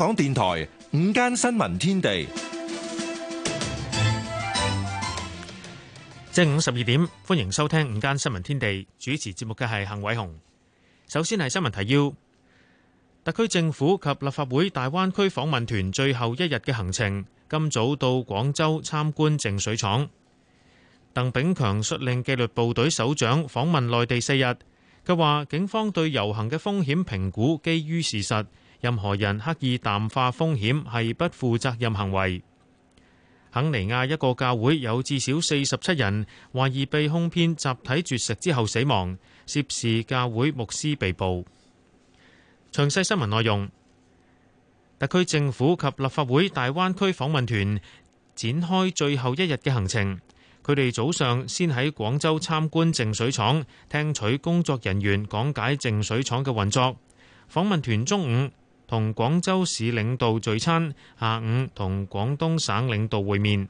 香港電台午間新聞天地，正午十二點，歡迎收聽午間新聞天地。主持節目嘅係幸偉雄。首先係新聞提要：特區政府及立法會大灣區訪問團最後一日嘅行程，今早到廣州參觀淨水廠。鄧炳強率領紀律部隊首長訪問內地四日，佢話警方對遊行嘅風險評估基於事實。任何人刻意淡化風險，係不負責任行為。肯尼亞一個教會有至少四十七人懷疑被哄騙集體絕食之後死亡，涉事教會牧師被捕。詳細新聞內容，特區政府及立法會大灣區訪問團展開最後一日嘅行程。佢哋早上先喺廣州參觀淨水廠，聽取工作人員講解淨水廠嘅運作。訪問團中午。同廣州市領導聚餐，下午同廣東省領導會面。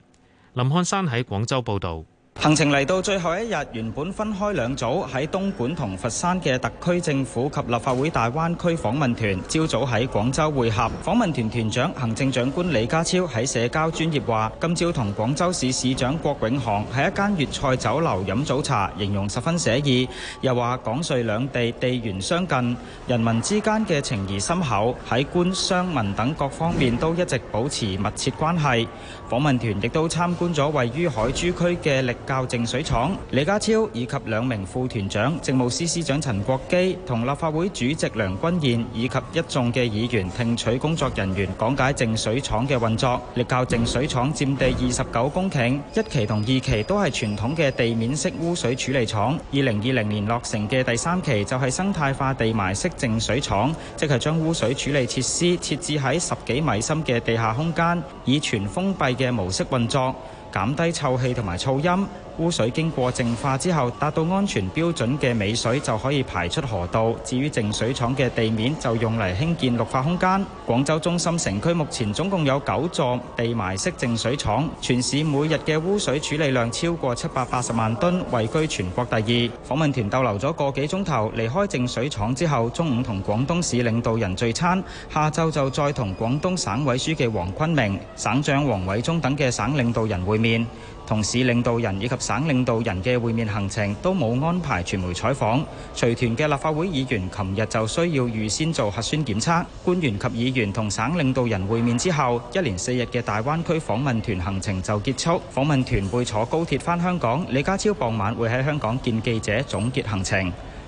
林漢山喺廣州報道。行程嚟到最後一日，原本分開兩組喺東莞同佛山嘅特區政府及立法會大灣區訪問團，朝早喺廣州會合。訪問團團長行政長官李家超喺社交專頁話：今朝同廣州市市長郭永航喺一間粵菜酒樓飲早茶，形容十分寫意。又話港穗兩地地緣相近，人民之間嘅情誼深厚，喺官、商、民等各方面都一直保持密切關係。訪問團亦都參觀咗位於海珠區嘅瀝滘淨水廠，李家超以及兩名副團長、政務司司長陳國基同立法會主席梁君彥以及一眾嘅議員聽取工作人員講解淨水廠嘅運作。瀝滘淨水廠佔地二十九公頃，一期同二期都係傳統嘅地面式污水處理廠，二零二零年落成嘅第三期就係生態化地埋式淨水廠，即係將污水處理設施設置喺十幾米深嘅地下空間，以全封閉嘅模式運作，減低臭氣同埋噪音。污水經過淨化之後，達到安全標準嘅尾水就可以排出河道。至於淨水廠嘅地面就用嚟興建綠化空間。廣州中心城區目前總共有九座地埋式淨水廠，全市每日嘅污水處理量超過七百八十萬噸，位居全國第二。訪問團逗留咗個幾鐘頭，離開淨水廠之後，中午同廣東市領導人聚餐，下晝就再同廣東省委書記黃坤明、省長王偉中等嘅省領導人會面。同市領導人以及省領導人嘅會面行程都冇安排傳媒採訪，隨團嘅立法會議員琴日就需要預先做核酸檢測。官員及議員同省領導人會面之後，一連四日嘅大灣區訪問團行程就結束。訪問團會坐高鐵返香港，李家超傍晚會喺香港見記者總結行程。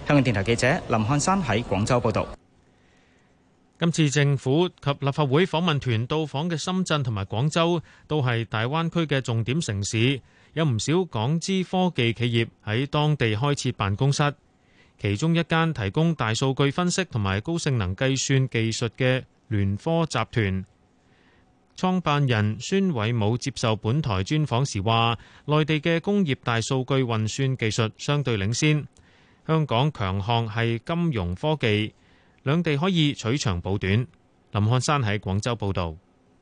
香港電台記者林漢山喺廣州報道。今次政府及立法會訪問團到訪嘅深圳同埋廣州，都係大灣區嘅重點城市，有唔少港資科技企業喺當地開設辦公室。其中一間提供大數據分析同埋高性能計算技術嘅聯科集團，創辦人孫偉武接受本台專訪時話，內地嘅工業大數據運算技術相對領先，香港強項係金融科技。兩地可以取長補短。林漢山喺廣州報道。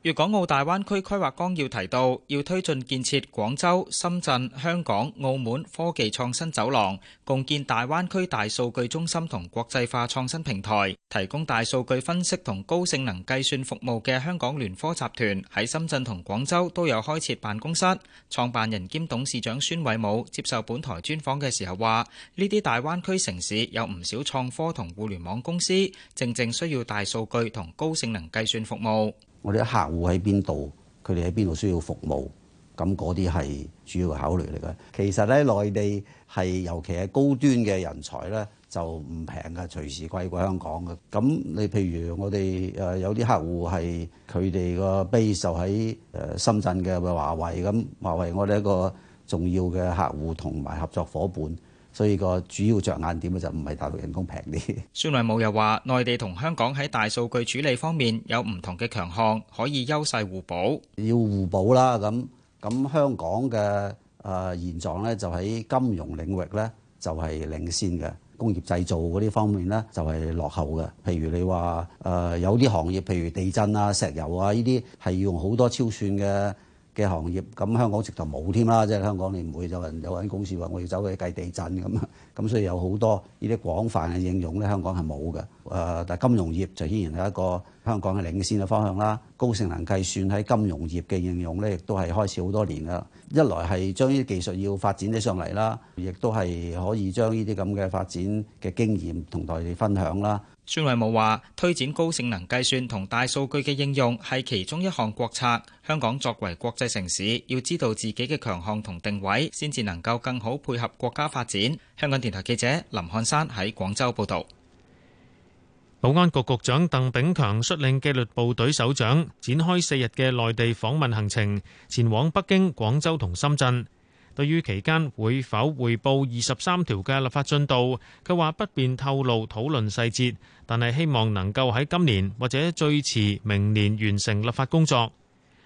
粵港澳大灣區規劃綱要提到，要推進建設廣州、深圳、香港、澳門科技創新走廊，共建大灣區大數據中心同國際化創新平台，提供大數據分析同高性能計算服務嘅香港聯科集團喺深圳同廣州都有開設辦公室。創辦人兼董事長孫偉武接受本台專訪嘅時候話，呢啲大灣區城市有唔少創科同互聯網公司，正正需要大數據同高性能計算服務。我哋啲客戶喺邊度，佢哋喺邊度需要服務，咁嗰啲係主要嘅考慮嚟嘅。其實咧，內地係尤其係高端嘅人才咧，就唔平嘅，隨時貴過香港嘅。咁你譬如我哋誒有啲客戶係佢哋個 base 就喺誒深圳嘅華為，咁華為我哋一個重要嘅客戶同埋合作伙伴。所以個主要着眼點咧就唔係大陸人工平啲。孫雲母又話，內地同香港喺大數據處理方面有唔同嘅強項，可以優勢互補。要互補啦，咁咁香港嘅誒、呃、現狀咧，就喺金融領域咧就係領先嘅，工業製造嗰啲方面咧就係落後嘅。譬如你話誒、呃、有啲行業，譬如地震啊、石油啊呢啲，係要用好多超算嘅。嘅行業，咁香港直頭冇添啦，即係香港你唔會有人有間公司話我要走去計地震咁咁，所以有好多呢啲廣泛嘅應用咧，香港係冇嘅。誒，但係金融業就依然係一個香港嘅領先嘅方向啦。高性能計算喺金融業嘅應用咧，亦都係開始好多年啦。一來係將呢啲技術要發展起上嚟啦，亦都係可以將呢啲咁嘅發展嘅經驗同大家分享啦。孫偉武話，推展高性能計算同大數據嘅應用係其中一項國策。香港作為國際城市，要知道自己嘅強項同定位，先至能夠更好配合國家發展。香港電台記者林漢山喺廣州報道。保安局局長鄧炳強率領紀律部隊首長展開四日嘅內地訪問行程，前往北京、廣州同深圳。對於期間會否匯報二十三條嘅立法進度，佢話不便透露討論細節，但係希望能夠喺今年或者最遲明年完成立法工作。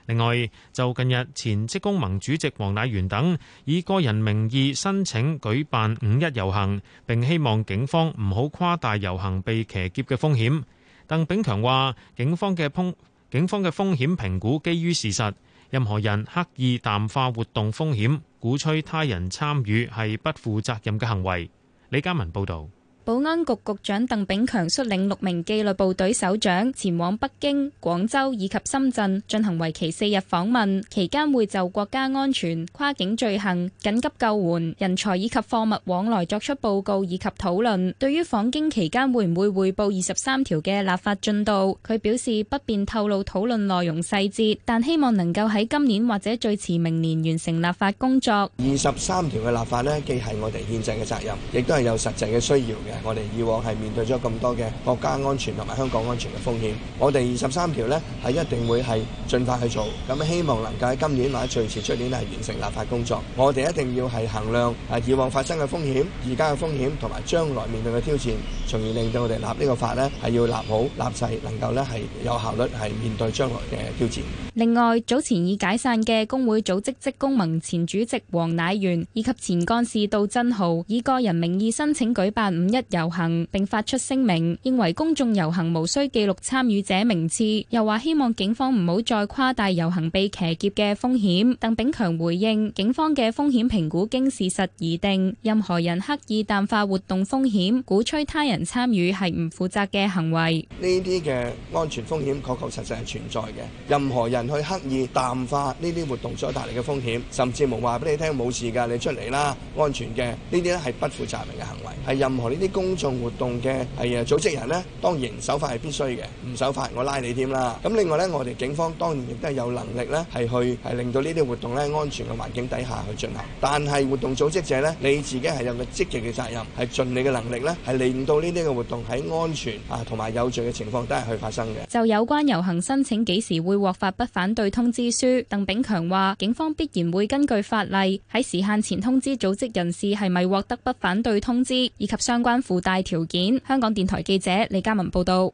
另外，就近日前職工盟主席黃乃元等以個人名義申請舉辦五一遊行，並希望警方唔好誇大遊行被騎劫嘅風險。鄧炳強話，警方嘅風警方嘅風險評估基於事實，任何人刻意淡化活動風險，鼓吹他人參與係不負責任嘅行為，李嘉文報道。保安局局長鄧炳強率領六名紀律部隊首長前往北京、廣州以及深圳進行為期四日訪問，期間會就國家安全、跨境罪行、緊急救援、人才以及貨物往來作出報告以及討論。對於訪京期間會唔會匯報二十三條嘅立法進度，佢表示不便透露討論內容細節，但希望能夠喺今年或者最遲明年完成立法工作。二十三條嘅立法呢，既係我哋憲制嘅責任，亦都係有實際嘅需要嘅。我哋以往係面對咗咁多嘅國家安全同埋香港安全嘅風險，我哋二十三條呢係一定會係盡快去做，咁啊希望能夠喺今年或者最遲出年係完成立法工作。我哋一定要係衡量係以往發生嘅風險、而家嘅風險同埋將來面對嘅挑戰，從而令到我哋立呢個法呢係要立好、立細，能夠呢係有效率係面對將來嘅挑戰。另外，早前已解散嘅工會組織職工盟前主席黃迺元以及前幹事杜振豪，以個人名義申請舉辦五一遊行，並發出聲明，認為公眾遊行無需記錄參與者名字，又話希望警方唔好再誇大遊行被騎劫嘅風險。鄧炳強回應：警方嘅風險評估經事實而定，任何人刻意淡化活動風險、鼓吹他人參與係唔負責嘅行為。呢啲嘅安全風險確確實實係存在嘅，任何人去刻意淡化呢啲活動所帶嚟嘅風險，甚至無話俾你聽冇事噶，你出嚟啦，安全嘅呢啲咧係不負責任嘅行為，係任何呢啲。公眾活動嘅,呃,組織人呢,當然,守法係必須嘅,唔守法,我拉你添啦。咁另外呢,我哋警方當然亦都有能力呢,係去,係令到呢啲活動呢,安全嘅環境底下去進行。但係,活動組織者呢,你自己係有個積極嘅責任,係盡你嘅能力呢,係令到呢啲嘅活動喺安全,同埋有序嘅情況底下去發生嘅。就有關遊行申請幾時會獲發不反對通知書,鄧炳強話,警方必然會根據法例,喺時限前通知組織人士係咪獲得不反對通知,以及相關附帶條件，香港電台記者李嘉文報道。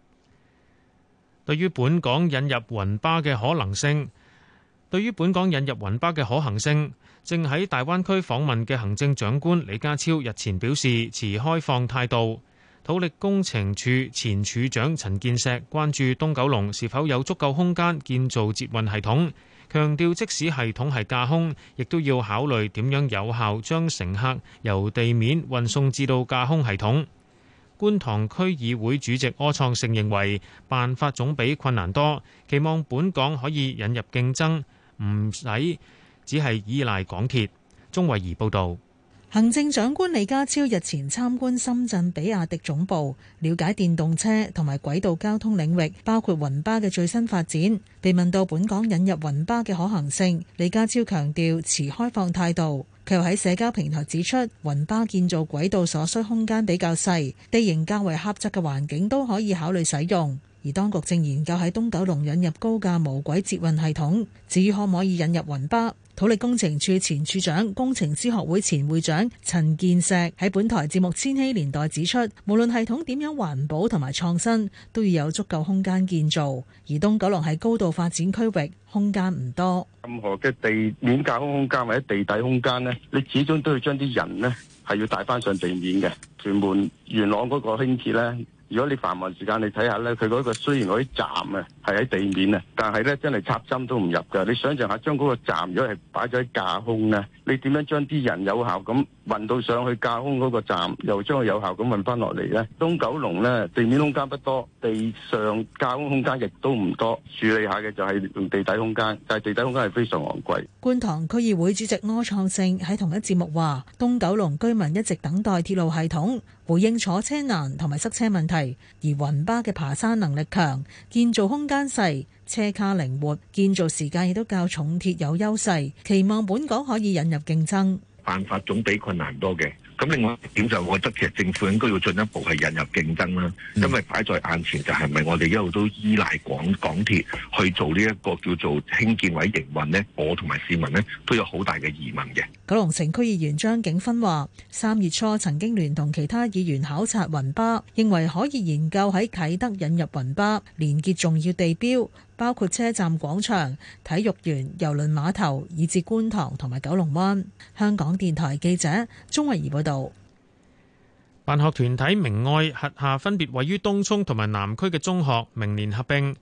對於本港引入雲巴嘅可能性，對於本港引入雲巴嘅可行性，正喺大灣區訪問嘅行政長官李家超日前表示持開放態度。土力工程處前處長陳建石關注東九龍是否有足夠空間建造捷運系統。強調，強調即使系統係架空，亦都要考慮點樣有效將乘客由地面運送至到架空系統。觀塘區議會主席柯創盛認為，辦法總比困難多，期望本港可以引入競爭，唔使只係依賴港鐵。鍾慧儀報導。行政長官李家超日前參觀深圳比亞迪總部，了解電動車同埋軌道交通領域，包括雲巴嘅最新發展。被問到本港引入雲巴嘅可行性，李家超強調持開放態度。佢又喺社交平台指出，雲巴建造軌道所需空間比較細，地形較為狹窄嘅環境都可以考慮使用。而當局正研究喺東九龍引入高架無軌捷運系統，至於可唔可以引入雲巴？土力工程處前處長、工程師學會前會長陳建石喺本台節目《千禧年代》指出，無論系統點樣環保同埋創新，都要有足夠空間建造。而東九龍係高度發展區域，空間唔多。任何嘅地面架空空間或者地底空間呢，你始終都要將啲人呢係要帶翻上地面嘅。屯門元朗嗰個興建呢。如果你繁忙時間你睇下咧，佢嗰個雖然嗰啲站啊係喺地面啊，但係咧真係插針都唔入噶。你想象下，將嗰個站如果係擺咗喺架空咧，你點樣將啲人有效咁運到上去架空嗰個站，又將佢有效咁運翻落嚟咧？東九龍咧地面空間不多，地上架空空間亦都唔多，處理下嘅就係用地底空間，但係地底空間係非常昂貴。觀塘區議會主席柯創盛喺同一節目話，東九龍居民一直等待鐵路系統。回應坐車難同埋塞車問題，而雲巴嘅爬山能力強，建造空間細，車卡靈活，建造時間亦都較重鐵有優勢。期望本港可以引入競爭，辦法總比困難多嘅。咁另外一點就係，我覺得其實政府應該要進一步去引入競爭啦，因為擺在眼前就係咪我哋一路都依賴港鐵去做呢一個叫做興建或者營運呢？我同埋市民呢，都有好大嘅疑問嘅。九龍城區議員張景芬話：三月初曾經聯同其他議員考察雲巴，認為可以研究喺啟德引入雲巴，連結重要地標。包括車站廣場、體育園、郵輪碼頭，以至觀塘同埋九龍灣。香港電台記者鍾慧儀報道。辦學團體明愛轄下分別位於東涌同埋南區嘅中學，明年合併。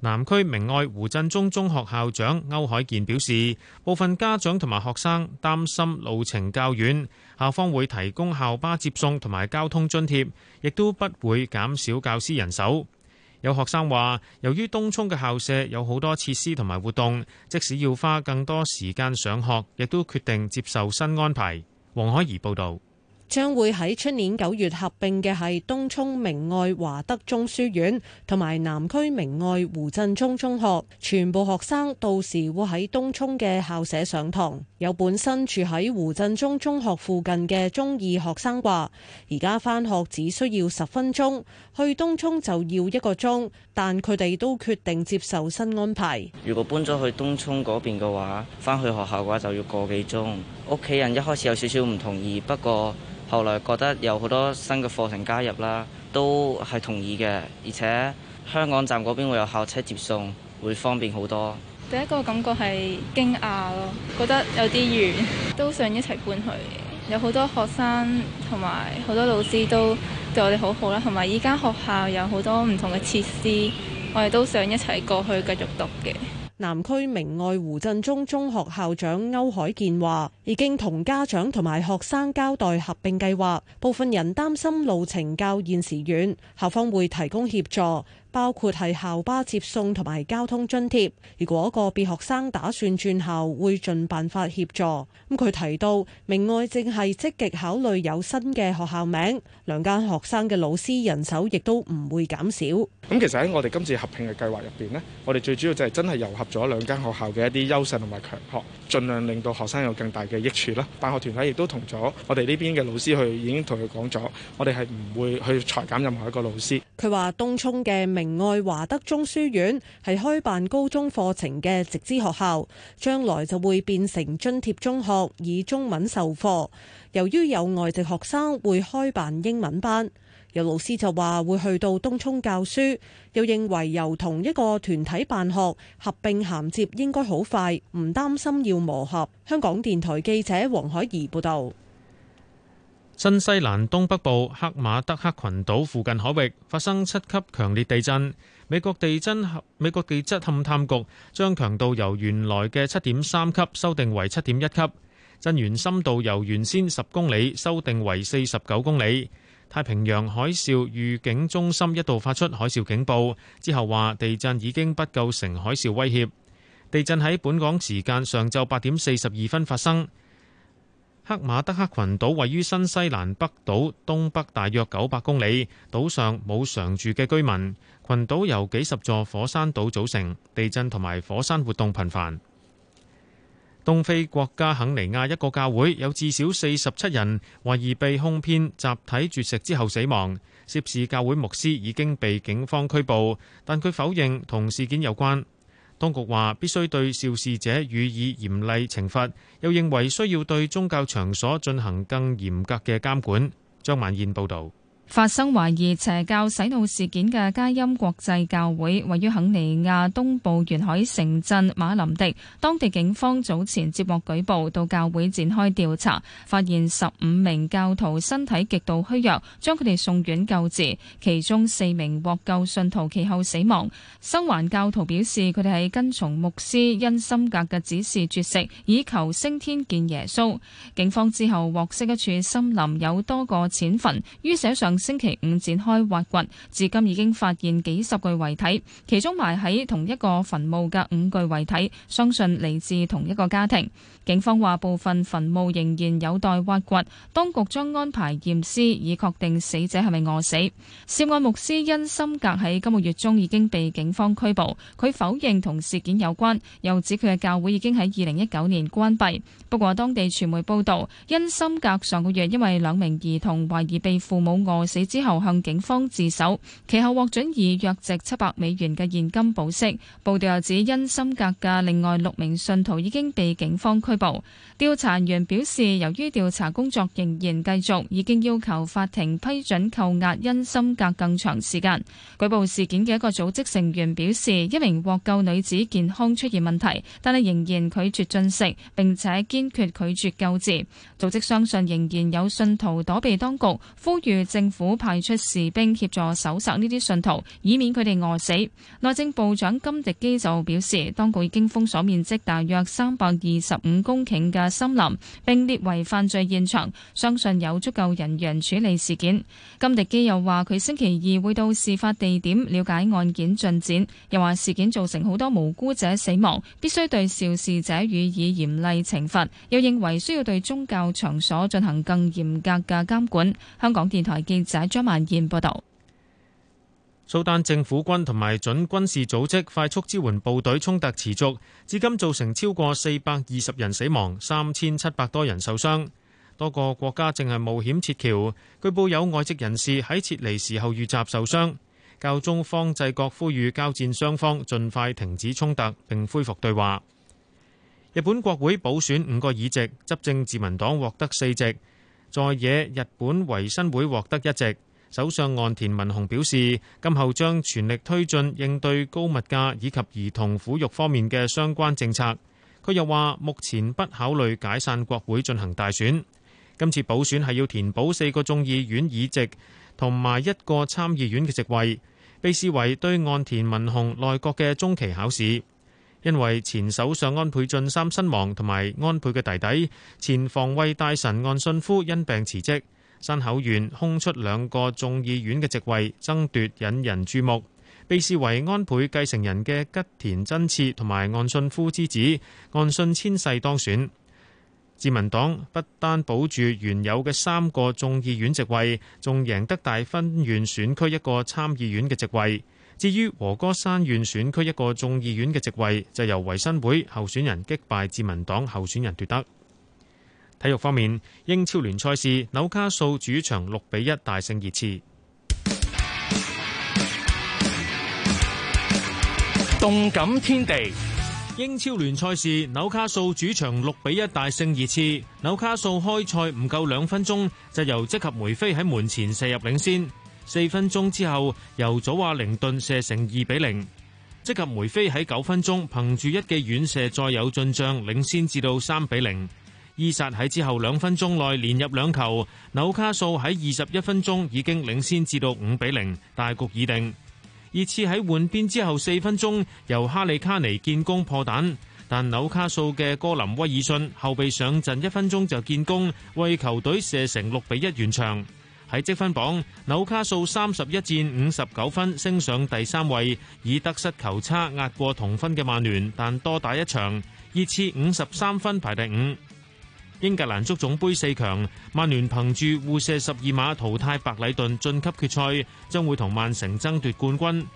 南區明愛胡振中中學校長歐海健表示，部分家長同埋學生擔心路程較遠，校方會提供校巴接送同埋交通津貼，亦都不會減少教師人手。有學生話，由於東涌嘅校舍有好多設施同埋活動，即使要花更多時間上學，亦都決定接受新安排。黃海怡報導。將會喺出年九月合併嘅，係東涌明愛華德中書院同埋南區明愛胡振中中學，全部學生到時會喺東涌嘅校舍上堂。有本身住喺胡振中中學附近嘅中二學生話，而家返學只需要十分鐘，去東涌就要一個鐘。但佢哋都決定接受新安排。如果搬咗去東涌嗰邊嘅話，翻去學校嘅話就要個幾鐘。屋企人一開始有少少唔同意，不過後來覺得有好多新嘅課程加入啦，都係同意嘅。而且香港站嗰邊會有校車接送，會方便好多。第一個感覺係驚訝咯，覺得有啲遠，都想一齊搬去。有好多學生同埋好多老師都對我哋好好啦，同埋依間學校有好多唔同嘅設施，我哋都想一齊過去繼續讀嘅。南區明愛胡振中中學校長歐凱健話，已經同家長同埋學生交代合併計劃，部分人擔心路程較現時遠，校方會提供協助。包括係校巴接送同埋交通津貼，如果個別學生打算轉校，會盡辦法協助。咁佢提到，明愛正係積極考慮有新嘅學校名，兩間學生嘅老師人手亦都唔會減少。咁其實喺我哋今次合併嘅計劃入邊咧，我哋最主要就係真係糅合咗兩間學校嘅一啲優勢同埋強項，盡量令到學生有更大嘅益處啦。辦學團體亦都同咗我哋呢邊嘅老師去，已經同佢講咗，我哋係唔會去裁減任何一個老師，佢話東涌嘅明外華德中書院係開辦高中課程嘅直資學校，將來就會變成津貼中學，以中文授課。由於有外籍學生會開辦英文班，有老師就話會去到東涌教書，又認為由同一個團體辦學，合併銜接應該好快，唔擔心要磨合。香港電台記者黃海怡報道。新西蘭東北部克馬德克群島附近海域發生七級強烈地震，美國地震美國地質勘探局將強度由原來嘅七點三級修訂為七點一級，震源深度由原先十公里修訂為四十九公里。太平洋海嘯預警中心一度發出海嘯警報，之後話地震已經不構成海嘯威脅。地震喺本港時間上晝八點四十二分發生。克馬德克群島位於新西蘭北島東北，大約九百公里，島上冇常住嘅居民。群島由幾十座火山島組成，地震同埋火山活動頻繁。東非國家肯尼亞一個教會有至少四十七人懷疑被哄騙集體絕食之後死亡，涉事教會牧師已經被警方拘捕，但佢否認同事件有關。當局話必須對肇事者予以嚴厲懲罰，又認為需要對宗教場所進行更嚴格嘅監管。張萬燕報道。發生懷疑邪教洗腦事件嘅佳音國際教會位於肯尼亞東部沿海城鎮馬林迪，當地警方早前接獲舉報，到教會展開調查，發現十五名教徒身體極度虛弱，將佢哋送院救治，其中四名獲救信徒其後死亡。生還教徒表示佢哋係跟從牧師因心格嘅指示絕食，以求升天見耶穌。警方之後獲悉一處森林有多個淺墳，於是上。星期五展開挖掘，至今已經發現幾十具遺體，其中埋喺同一個墳墓嘅五具遺體，相信嚟自同一個家庭。警方話部分墳墓仍然有待挖掘，當局將安排驗屍以確定死者係咪餓死。涉案牧師因森格喺今個月中已經被警方拘捕，佢否認同事件有關，又指佢嘅教會已經喺二零一九年關閉。不過當地傳媒報道，因森格上個月因為兩名兒童懷疑被父母餓死之後向警方自首，其後獲准以約值七百美元嘅現金保釋。報道又指，因心格嘅另外六名信徒已經被警方拘捕。調查員表示，由於調查工作仍然繼續，已經要求法庭批准扣押因心格更長時間。舉報事件嘅一個組織成員表示，一名獲救女子健康出現問題，但係仍然拒絕進食，並且堅決拒絕救治。組織相信仍然有信徒躲避當局，呼籲政府。府派出士兵協助搜查呢啲信徒，以免佢哋餓死。內政部長金迪基就表示，當局已經封鎖面積大約三百二十五公頃嘅森林，並列為犯罪現場，相信有足夠人員處理事件。金迪基又話，佢星期二會到事發地點了解案件進展，又話事件造成好多無辜者死亡，必須對肇事者予以嚴厲懲罰，又認為需要對宗教場所進行更嚴格嘅監管。香港電台記。記者張曼燕報道：蘇丹政府軍同埋準軍事組織快速支援部隊衝突持續，至今造成超過四百二十人死亡，三千七百多人受傷。多個國家正係冒險撤僑，據報有外籍人士喺撤離時候遇襲受傷。教宗方濟各呼籲交戰雙方儘快停止衝突，並恢復對話。日本國會補選五個議席，執政自民黨獲得四席。在野日本維新會獲得一席。首相岸田文雄表示，今後將全力推進應對高物價以及兒童撫育方面嘅相關政策。佢又話，目前不考慮解散國會進行大選。今次補選係要填補四個眾議院議席同埋一個參議院嘅席位，被視為對岸田文雄內閣嘅中期考試。因為前首相安倍晉三身亡，同埋安倍嘅弟弟前防衛大臣岸信夫因病辭職，山口縣空出兩個眾議院嘅席位爭奪引人注目。被視為安倍繼承人嘅吉田真次同埋岸信夫之子岸信千世當選。自民黨不單保住原有嘅三個眾議院席位，仲贏得大分縣選區一個參議院嘅席位。至於和歌山縣選區一個眾議院嘅席位，就由維新會候選人擊敗自民黨候選人奪得。體育方面，英超聯賽事紐卡素主場六比一大勝熱刺。動感天地！英超聯賽事紐卡素主場六比一大勝熱刺，紐卡素開賽唔夠兩分鐘，就由即及梅菲喺門前射入領先。四分鐘之後，由祖華寧頓射成二比零，即及梅菲喺九分鐘憑住一記遠射再有進帳，領先至到三比零。伊薩喺之後兩分鐘內連入兩球，紐卡素喺二十一分鐘已經領先至到五比零，大局已定。熱刺喺換邊之後四分鐘由哈里卡尼建功破蛋，但紐卡素嘅哥林威爾遜後備上陣一分鐘就建功，為球隊射成六比一完場。喺積分榜，紐卡素三十一戰五十九分，升上第三位，以得失球差壓過同分嘅曼聯，但多打一場，熱刺五十三分排第五。英格蘭足總盃四強，曼聯憑住互射十二碼淘汰白禮頓晉級決賽，將會同曼城爭奪冠軍。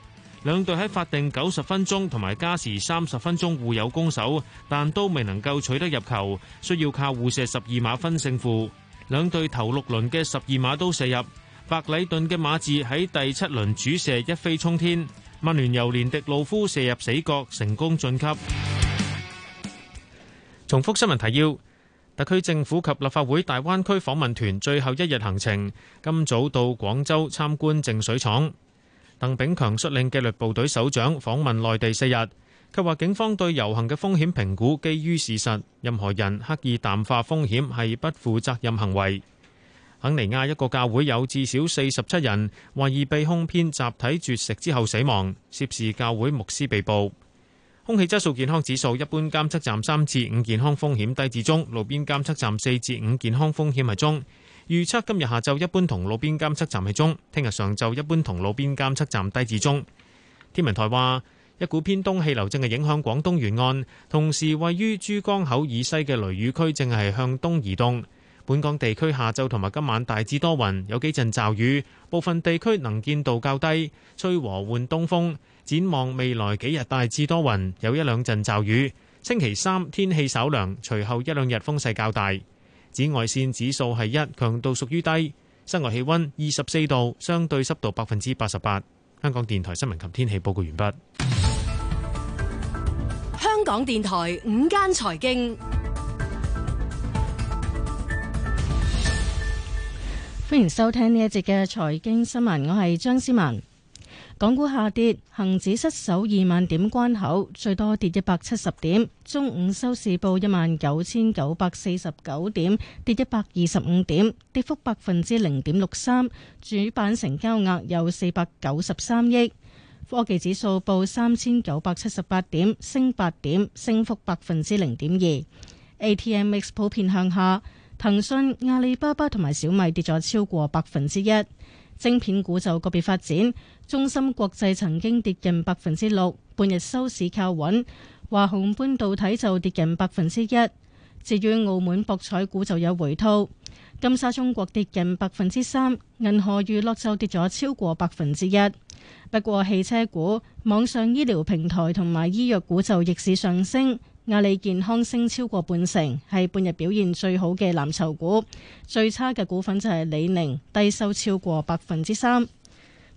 兩隊喺法定九十分鐘同埋加時三十分鐘互有攻守，但都未能夠取得入球，需要靠互射十二碼分勝負。兩隊頭六輪嘅十二碼都射入，白禮頓嘅馬字喺第七輪主射一飛沖天。曼聯由連迪路夫射入死角，成功晉級。重複新聞提要：特區政府及立法會大灣區訪問團最後一日行程，今早到廣州參觀淨水廠。鄧炳強率領紀律部隊首長訪問內地四日。佢話警方對遊行嘅風險評估基於事實，任何人刻意淡化風險係不負責任行為。肯尼亞一個教會有至少四十七人懷疑被哄騙集體絕食之後死亡，涉事教會牧師被捕。空氣質素健康指數一般監測站三至五健康風險低至中，路邊監測站四至五健康風險係中。預測今日下晝一般同路邊監測站係中，聽日上晝一般同路邊監測站低至中。天文台話，一股偏東氣流正係影響廣東沿岸，同時位於珠江口以西嘅雷雨區正係向東移動。本港地區下晝同埋今晚大致多雲，有幾陣驟雨，部分地區能見度較低，吹和緩東風。展望未來幾日大致多雲，有一兩陣驟雨。星期三天氣稍涼，隨後一兩日風勢較大。紫外線指數係一，強度屬於低。室外氣溫二十四度，相對濕度百分之八十八。香港電台新聞及天氣報告完畢。港電台五間財經，歡迎收聽呢一節嘅財經新聞。我係張思文。港股下跌，恒指失守二萬點關口，最多跌一百七十點。中午收市報一萬九千九百四十九點，跌一百二十五點，跌幅百分之零點六三。主板成交額有四百九十三億。科技指數報三千九百七十八點，升八點，升幅百分之零點二。ATMX 普遍向下，騰訊、阿里巴巴同埋小米跌咗超過百分之一。晶片股就個別發展，中芯國際曾經跌近百分之六，半日收市靠穩。華虹半導體就跌近百分之一。至於澳門博彩股就有回吐，金沙中國跌近百分之三，銀河娛樂就跌咗超過百分之一。不過汽車股、網上醫療平台同埋醫藥股就逆市上升，阿里健康升超過半成，係半日表現最好嘅藍籌股。最差嘅股份就係李寧，低收超過百分之三。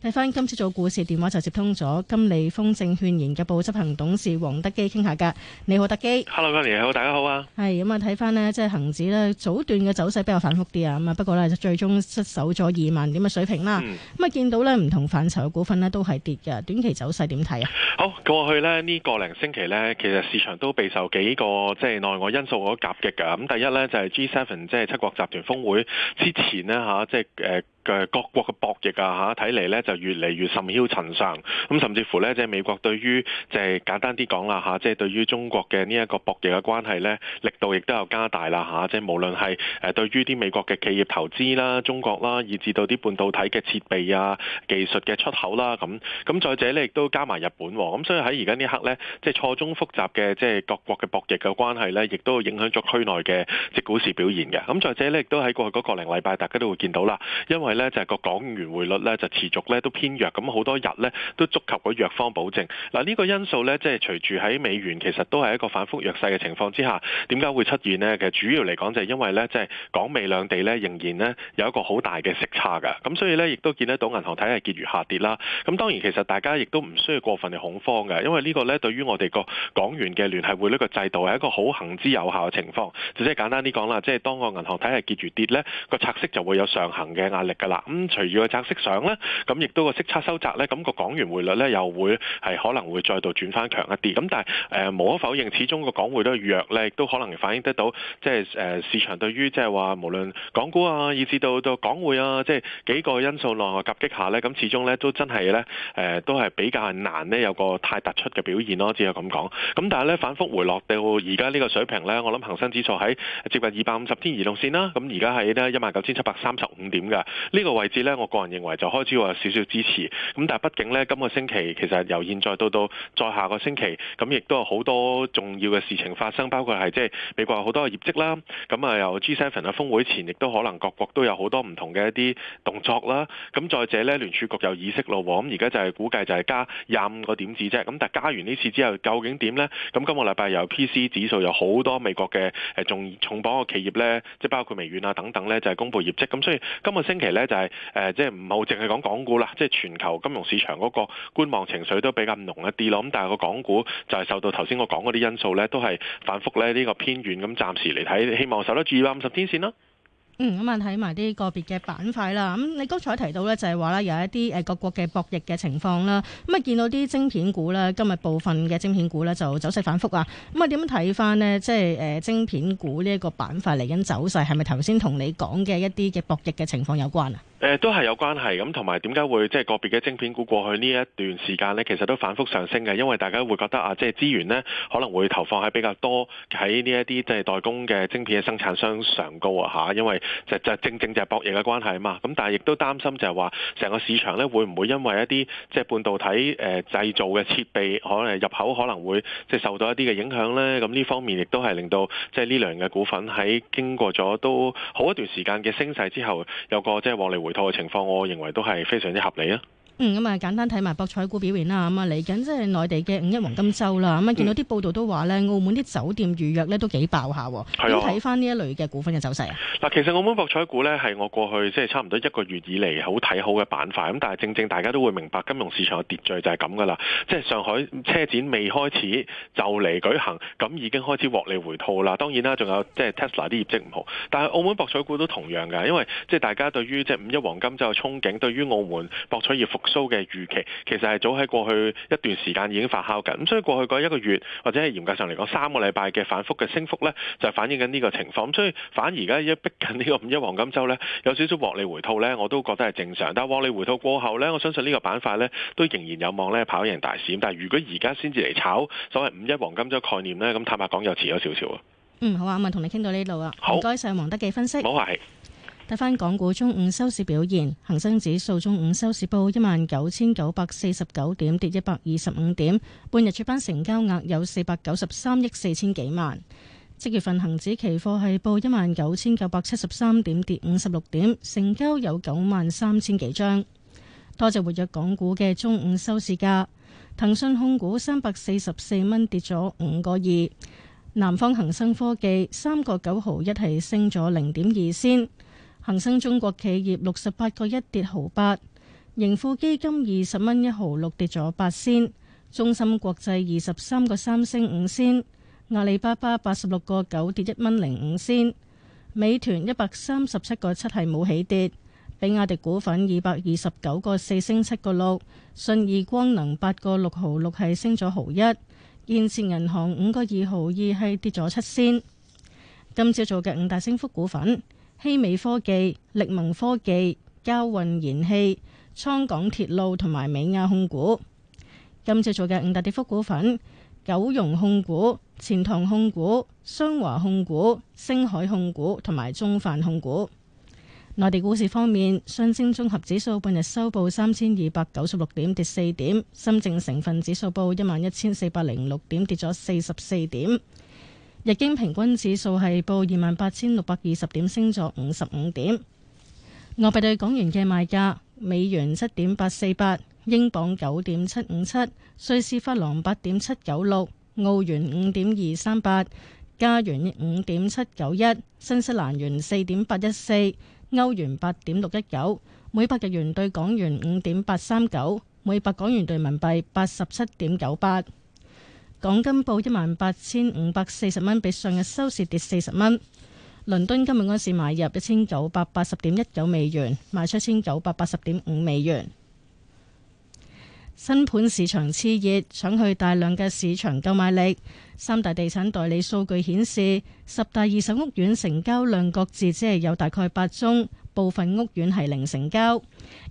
睇翻今次做股市電話就接通咗金利豐證券營業部執行董事黃德基傾下㗎。你好，德基。Hello，Johnny，好，大家好啊。係咁啊，睇翻呢，即係恒指呢，早段嘅走勢比較反覆啲啊。咁啊，不過呢，最終失守咗二萬點嘅水平啦。咁啊、嗯，見到呢唔同範疇嘅股份呢，都係跌嘅。短期走勢點睇啊？好，過去呢，呢、這個零星期呢，其實市場都備受幾個即係內外因素所夾擊㗎。咁第一呢，就係、是、G7，即係七國集團峰會之前呢。嚇、啊，即係誒。呃嘅各國嘅博弈啊，吓睇嚟咧，就越嚟越甚囂塵上。咁甚至乎咧，即係美國對於，即係簡單啲講啦吓，即係對於中國嘅呢一個博弈嘅關係咧，力度亦都有加大啦吓，即係無論係誒對於啲美國嘅企業投資啦、中國啦，以至到啲半導體嘅設備啊、技術嘅出口啦，咁咁再者咧，亦都加埋日本。咁所以喺而家呢一刻咧，即係錯綜複雜嘅即係各國嘅博弈嘅關係咧，亦都影響咗區內嘅即股市表現嘅。咁再者咧，亦都喺過去嗰個零禮拜，大家都會見到啦，因為。咧就係個港元匯率咧就持續咧都偏弱，咁好多日咧都觸及咗弱方保證。嗱呢個因素咧，即係隨住喺美元其實都係一個反覆弱勢嘅情況之下，點解會出現呢？其實主要嚟講就係因為咧，即係港美兩地咧仍然咧有一個好大嘅息差㗎。咁所以咧，亦都見得到銀行體系結餘下跌啦。咁當然其實大家亦都唔需要過分地恐慌嘅，因為呢個咧對於我哋個港元嘅聯繫匯率嘅制度係一個好行之有效嘅情況。就即係簡單啲講啦，即係當個銀行體系結餘跌咧，個拆息就會有上行嘅壓力。啦，咁隨住個窄息上咧，咁亦都個息差收窄咧，咁、那個港元匯率咧又會係可能會再度轉翻強一啲。咁但係誒、呃、無可否認，始終個港匯都係弱咧，亦都可能反映得到，即係誒、呃、市場對於即係話無論港股啊，以至到到港匯啊，即係幾個因素內外夾擊下咧，咁始終咧都真係咧誒都係比較難咧有個太突出嘅表現咯，只有咁講。咁但係咧反覆回落到而家呢個水平咧，我諗恒生指數喺接近二百五十天移動線啦，咁而家喺咧一萬九千七百三十五點嘅。呢個位置呢，我個人認為就開始有少少支持。咁但係畢竟呢，今個星期其實由現在到到再下個星期，咁亦都有好多重要嘅事情發生，包括係即係美國有好多嘅業績啦。咁啊，由 G7 啊峰會前，亦都可能各國都有好多唔同嘅一啲動作啦。咁再者呢，聯儲局有意識咯。咁而家就係估計就係加廿五個點子啫。咁但係加完呢次之後，究竟點呢？咁今個禮拜由 PC 指數有好多美國嘅誒重重磅嘅企業呢，即係包括微軟啊等等呢，就係、是、公布業績。咁所以今個星期呢。就係、是、誒、呃，即係唔好淨係講港股啦，即係全球金融市場嗰個觀望情緒都比較濃一啲咯。咁但係個港股就係受到頭先我講嗰啲因素咧，都係反覆咧呢、呢個偏軟。咁暫時嚟睇，希望守得住二百五十天線啦、啊。嗯，咁啊睇埋啲個別嘅板塊啦。咁你剛才提到呢，就係話咧有一啲誒各國嘅博弈嘅情況啦。咁啊見到啲晶片股啦，今日部分嘅晶片股呢就走勢反覆啊。咁啊點樣睇翻呢？即係誒晶片股呢一個板塊嚟緊走勢，係咪頭先同你講嘅一啲嘅博弈嘅情況有關啊？誒都係有關係咁，同埋點解會即係個別嘅晶片股過去呢一段時間呢，其實都反覆上升嘅，因為大家會覺得啊，即係資源咧可能會投放喺比較多喺呢一啲即係代工嘅晶片嘅生產商上高啊嚇，因為就就正正就係博弈嘅關係啊嘛。咁但係亦都擔心就係話成個市場呢會唔會因為一啲即係半導體誒、呃、製造嘅設備可能入口可能會即係受到一啲嘅影響呢？咁呢方面亦都係令到即係呢兩嘅股份喺經過咗都好一段時間嘅升勢之後，有個即係往嚟回。嘅情況，我認為都係非常之合理啊。嗯，咁啊，簡單睇埋博彩股表現啦，咁啊，嚟緊即係內地嘅五一黃金周啦，咁啊，見到啲報道都話咧，澳門啲酒店預約咧都幾爆下，點睇翻呢一類嘅股份嘅走勢？嗱，嗯，其實澳門博彩股咧係我過去即係差唔多一個月以嚟好睇好嘅板塊，咁但係正正大家都會明白金融市場嘅秩序就係咁噶啦，即係上海車展未開始就嚟舉行，咁已經開始獲利回吐啦。當然啦，仲有即係 Tesla 啲業績唔好，但係澳門博彩股都同樣嘅，因為即係大家對於即係五一黃金周嘅憧憬，對於澳門博彩業復收嘅預期其實係早喺過去一段時間已經發酵緊，咁所以過去嗰一個月或者係嚴格上嚟講三個禮拜嘅反覆嘅升幅呢，就反映緊呢個情況。咁所以反而而家一逼近呢個五一黃金周呢，有少少獲利回吐呢，我都覺得係正常。但係獲利回吐過後呢，我相信呢個板塊呢，都仍然有望呢跑贏大市。但係如果而家先至嚟炒所謂五一黃金周概念呢，咁坦白講又遲咗少少啊。嗯，好啊，咁啊，同你傾到呢度啊。好，唔該晒，黃德記分析。冇係。睇翻港股中午收市表現，恒生指數中午收市報一萬九千九百四十九點，跌一百二十五點。半日出班成交額有四百九十三億四千幾萬。即月份恒指期貨係報一萬九千九百七十三點，跌五十六點，成交有九萬三千幾張。多隻活躍港股嘅中午收市價，騰訊控股三百四十四蚊，跌咗五個二。南方恒生科技三個九毫一，係升咗零點二先。恒生中國企業六十八個一跌毫八，盈富基金二十蚊一毫六跌咗八仙，中芯國際二十三個三升五仙，阿里巴巴八十六個九跌一蚊零五仙，美團一百三十七個七係冇起跌，比亞迪股份二百二十九個四升七個六，信義光能八個六毫六係升咗毫一，建設銀行五個二毫二係跌咗七仙。今朝做嘅五大升幅股份。希美科技、力盟科技、交運燃氣、倉港鐵路同埋美亞控股，今朝做嘅五大跌幅股份：九融控股、錢塘控股、雙華控股、星海控股同埋中泛控股。內地股市方面，上證綜合指數半日收報三千二百九十六點，跌四點；深證成分指數報一萬一千四百零六點，跌咗四十四點。日經平均指數係報二萬八千六百二十點，升咗五十五點。外幣對港元嘅賣價：美元七點八四八，英鎊九點七五七，瑞士法郎八點七九六，澳元五點二三八，加元五點七九一，新西蘭元四點八一四，歐元八點六一九，每百日元對港元五點八三九，每百港元對人民幣八十七點九八。港金報一萬八千五百四十蚊，比上日收市跌四十蚊。倫敦今日開市買入一千九百八十點一九美元，賣出一千九百八十點五美元。新盤市場熾熱，搶去大量嘅市場購買力。三大地產代理數據顯示，十大二手屋苑成交量各自只係有大概八宗，部分屋苑係零成交。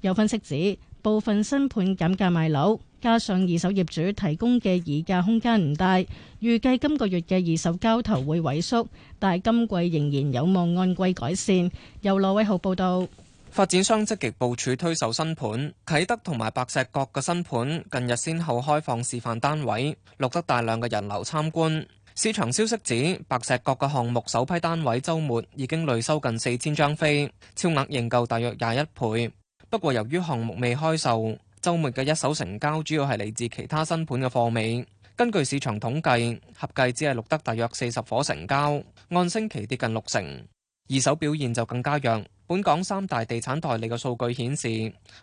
有分析指，部分新盤減價賣樓，加上二手業主提供嘅議價空間唔大，預計今個月嘅二手交投會萎縮，但係今季仍然有望按季改善。由羅偉浩報導，發展商積極部署推售新盤，啟德同埋白石角嘅新盤近日先後開放示範單位，錄得大量嘅人流參觀。市場消息指，白石角嘅項目首批單位週末已經累收近四千張飛，超額認購大約廿一倍。不過，由於項目未開售，週末嘅一手成交主要係嚟自其他新盤嘅貨尾。根據市場統計，合計只係錄得大約四十伙成交，按星期跌近六成。二手表現就更加弱。本港三大地產代理嘅數據顯示，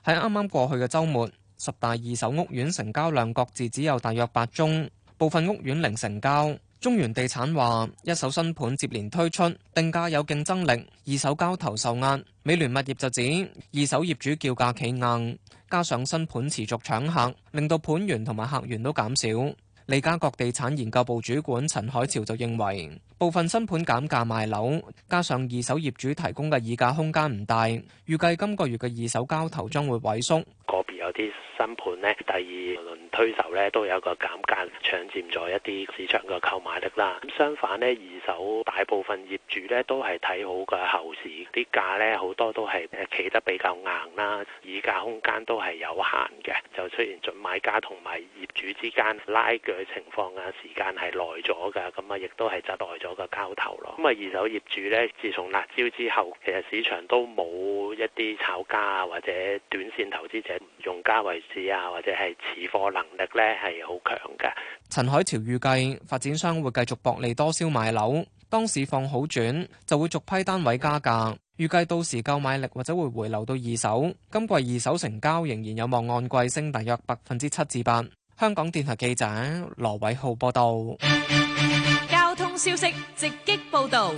喺啱啱過去嘅週末，十大二手屋苑成交量各自只有大約八宗，部分屋苑零成交。中原地產話：一手新盤接連推出，定價有競爭力；二手交投受壓。美聯物業就指二手業主叫價企硬，加上新盤持續搶客，令到盤源同埋客源都減少。利嘉閣地產研究部主管陳海潮就認為，部分新盤減價賣樓，加上二手業主提供嘅議價空間唔大，預計今個月嘅二手交投將會萎縮。有啲新盤咧，第二輪推售咧，都有個減價，搶佔咗一啲市場個購買力啦。咁相反咧，二手大部分業主咧都係睇好個後市，啲價咧好多都係企得比較硬啦，議價空間都係有限嘅，就出現準買家同埋業主之間拉鋸情況啊，時間係耐咗㗎，咁啊亦都係就耐咗個交投咯。咁啊，二手業主咧，自從辣招之後，其實市場都冇一啲炒家啊，或者短線投資者唔用。加位置啊，或者係持貨能力呢，係好強嘅。陳海潮預計發展商會繼續薄利多銷賣樓，當市況好轉就會逐批單位加價。預計到時購買力或者會回流到二手。今季二手成交仍然有望按季升，大約百分之七至八。香港電台記者羅偉浩報道。交通消息直擊報導。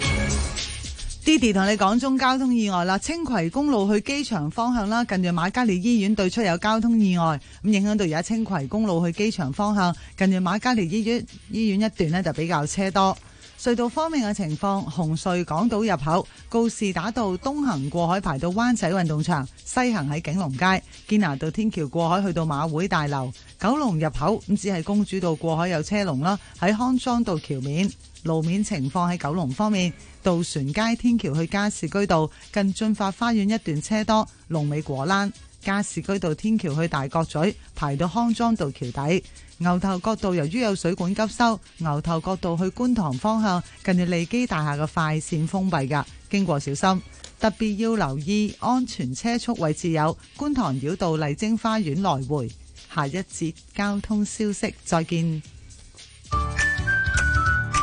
Didi 同你講中交通意外啦，青葵公路去機場方向啦，近住瑪嘉烈醫院對出有交通意外，咁影響到而家青葵公路去機場方向，近住瑪嘉烈醫院醫院一段呢，就比較車多。隧道方面嘅情況，紅隧港島入口告士打道東行過海排到灣仔運動場，西行喺景隆街堅拿道天橋過海去到馬會大樓，九龍入口咁只係公主道過海有車龍啦，喺康莊道橋面。路面情況喺九龍方面，渡船街天橋去加士居道近駿發花園一段車多，龍尾果欄；加士居道天橋去大角咀排到康莊道橋底，牛頭角道由於有水管急修，牛頭角道去觀塘方向近住利基大廈嘅快線封閉噶，經過小心，特別要留意安全車速位置有觀塘繞道麗晶花園來回。下一節交通消息再見。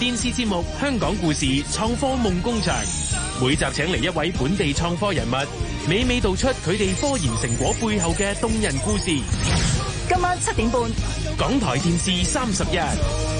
電視節目《香港故事：創科夢工場》，每集請嚟一位本地創科人物，娓娓道出佢哋科研成果背後嘅動人故事。今晚七點半，港台電視三十日。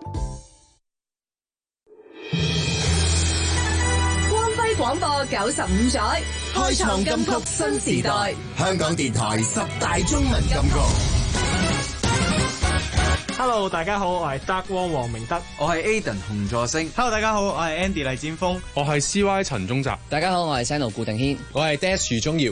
九十五載，開創金曲新時代。香港電台十大中文金曲。Hello，大家好，我係 Dark 黃明德，我係 Aden 洪助星。Hello，大家好，我係 Andy 李展峰，我係 CY 陳宗澤。大家好，我係 Sendou 顧定軒，我係 Dash 徐宗耀。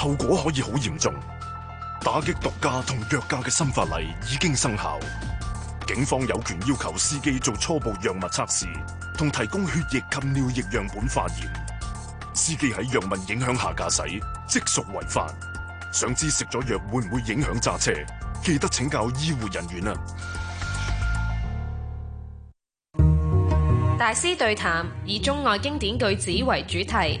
後果可以好嚴重，打擊毒駕同藥駕嘅新法例已經生效，警方有權要求司機做初步藥物測試，同提供血液及尿液樣本化驗。司機喺藥物影響下駕駛，即屬違法。想知食咗藥會唔會影響揸車？記得請教醫護人員啊！大師對談以中外經典句子為主題